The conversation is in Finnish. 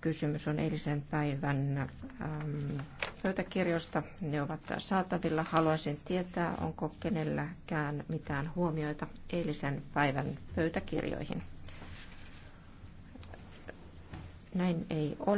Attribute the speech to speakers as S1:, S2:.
S1: Kysymys on eilisen päivän äm, pöytäkirjosta. Ne ovat saatavilla. Haluaisin tietää, onko kenelläkään mitään huomioita eilisen päivän pöytäkirjoihin.
S2: Näin ei ole.